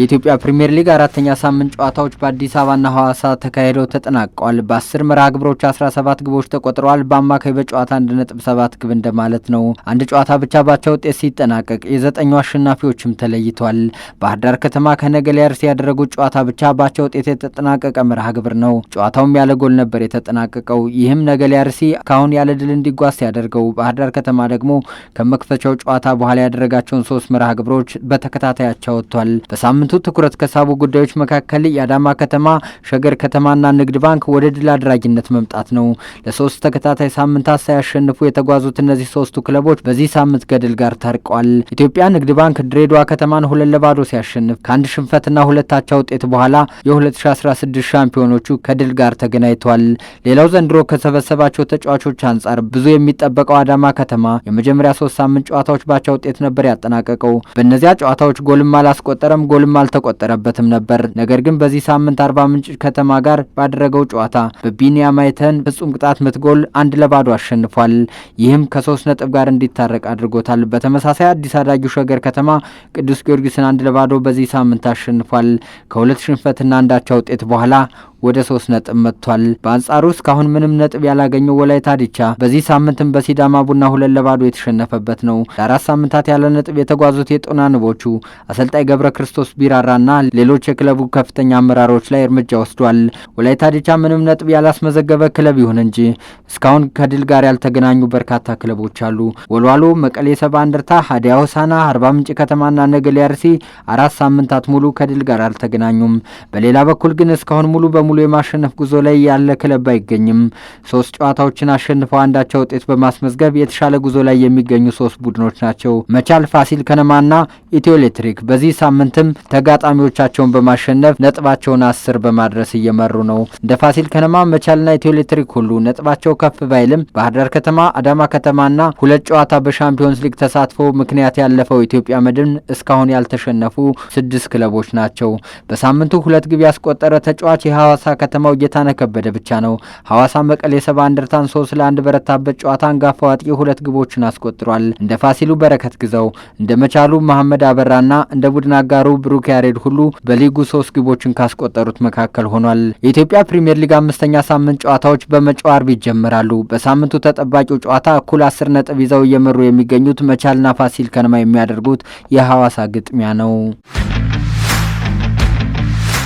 የኢትዮጵያ ፕሪምየር ሊግ አራተኛ ሳምንት ጨዋታዎች በአዲስ አበባና ሐዋሳ ተካሂደው ተጠናቀዋል። በአስር መርሃ ግብሮች 17 ግቦች ተቆጥረዋል። በአማካይ በጨዋታ 1.7 ግብ እንደማለት ነው። አንድ ጨዋታ ብቻ ባቻ ውጤት ሲጠናቀቅ የዘጠኙ አሸናፊዎችም ተለይቷል። ባህር ዳር ከተማ ከነገሌ አርሲ ያደረጉት ጨዋታ ብቻ ባቻ ውጤት የተጠናቀቀ መርሃ ግብር ነው። ጨዋታውም ያለ ጎል ነበር የተጠናቀቀው። ይህም ነገሌ አርሲ ካሁን ያለ ድል እንዲጓዝ ያደርገው ባህር ዳር ከተማ ደግሞ ከመክፈቻው ጨዋታ በኋላ ያደረጋቸውን ሶስት መርሃ ግብሮች በተከታታይ ወጥቷል። በሳምንቱ በሳምንቱ ትኩረት ከሳቡ ጉዳዮች መካከል የአዳማ ከተማ ሸገር ከተማና ንግድ ባንክ ወደ ድል አድራጊነት መምጣት ነው። ለሶስት ተከታታይ ሳምንታት ሳያሸንፉ የተጓዙት እነዚህ ሶስቱ ክለቦች በዚህ ሳምንት ከድል ጋር ታርቀዋል። ኢትዮጵያ ንግድ ባንክ ድሬዳዋ ከተማን ሁለት ለባዶ ሲያሸንፍ ከአንድ ሽንፈትና ሁለት አቻ ውጤት በኋላ የ2016 ሻምፒዮኖቹ ከድል ጋር ተገናኝቷል። ሌላው ዘንድሮ ከሰበሰባቸው ተጫዋቾች አንጻር ብዙ የሚጠበቀው አዳማ ከተማ የመጀመሪያ ሶስት ሳምንት ጨዋታዎች ባቻ ውጤት ነበር ያጠናቀቀው። በእነዚያ ጨዋታዎች ጎልም አላስቆጠረም፣ ጎልም አልተቆጠረበትም ነበር። ነገር ግን በዚህ ሳምንት አርባ ምንጭ ከተማ ጋር ባደረገው ጨዋታ በቢኒያ ማይተን ፍጹም ቅጣት ምት ጎል አንድ ለባዶ አሸንፏል። ይህም ከሶስት ነጥብ ጋር እንዲታረቅ አድርጎታል። በተመሳሳይ አዲስ አዳጊው ሸገር ከተማ ቅዱስ ጊዮርጊስን አንድ ለባዶ በዚህ ሳምንት አሸንፏል። ከሁለት ሽንፈትና አንዳቻ ውጤት በኋላ ወደ ሶስት ነጥብ መጥቷል። በአንጻሩ እስካሁን ምንም ነጥብ ያላገኘው ወላይታ ዲቻ በዚህ ሳምንትም በሲዳማ ቡና ሁለት ለባዶ የተሸነፈበት ነው። ለአራት ሳምንታት ያለ ነጥብ የተጓዙት የጦና ንቦቹ አሰልጣኝ ገብረ ክርስቶስ ቢራራና ሌሎች የክለቡ ከፍተኛ አመራሮች ላይ እርምጃ ወስዷል። ወላይታ ዲቻ ምንም ነጥብ ያላስመዘገበ ክለብ ይሁን እንጂ እስካሁን ከድል ጋር ያልተገናኙ በርካታ ክለቦች አሉ። ወልዋሎ፣ መቀሌ ሰባ እንደርታ፣ ሀዲያ ሆሳና፣ አርባ ምንጭ ከተማና ነገሌ አርሲ አራት ሳምንታት ሙሉ ከድል ጋር አልተገናኙም። በሌላ በኩል ግን እስካሁን ሙሉ በሙሉ በሙሉ የማሸነፍ ጉዞ ላይ ያለ ክለብ አይገኝም። ሶስት ጨዋታዎችን አሸንፈው አንዳቸው ውጤት በማስመዝገብ የተሻለ ጉዞ ላይ የሚገኙ ሶስት ቡድኖች ናቸው መቻል፣ ፋሲል ከነማና ኢትዮ ኤሌክትሪክ። በዚህ ሳምንትም ተጋጣሚዎቻቸውን በማሸነፍ ነጥባቸውን አስር በማድረስ እየመሩ ነው። እንደ ፋሲል ከነማ መቻልና ኢትዮ ኤሌክትሪክ ሁሉ ነጥባቸው ከፍ ባይልም ባህርዳር ከተማ፣ አዳማ ከተማና ሁለት ጨዋታ በሻምፒዮንስ ሊግ ተሳትፎ ምክንያት ያለፈው ኢትዮጵያ መድን እስካሁን ያልተሸነፉ ስድስት ክለቦች ናቸው። በሳምንቱ ሁለት ግብ ያስቆጠረ ተጫዋች የሐዋሳ የሐዋሳ ከተማው ጌታነህ ከበደ ብቻ ነው። ሐዋሳ መቀሌ ሰባ እንደርታን ሶስት ለአንድ በረታበት ጨዋታ አንጋፋው አጥቂ ሁለት ግቦችን አስቆጥሯል። እንደ ፋሲሉ በረከት ግዘው፣ እንደ መቻሉ መሐመድ አበራና እንደ ቡድን አጋሩ ብሩክ ያሬድ ሁሉ በሊጉ ሶስት ግቦችን ካስቆጠሩት መካከል ሆኗል። የኢትዮጵያ ፕሪምየር ሊግ አምስተኛ ሳምንት ጨዋታዎች በመጪው አርብ ይጀምራሉ። በሳምንቱ ተጠባቂው ጨዋታ እኩል አስር ነጥብ ይዘው እየመሩ የሚገኙት መቻልና ፋሲል ከነማ የሚያደርጉት የሐዋሳ ግጥሚያ ነው።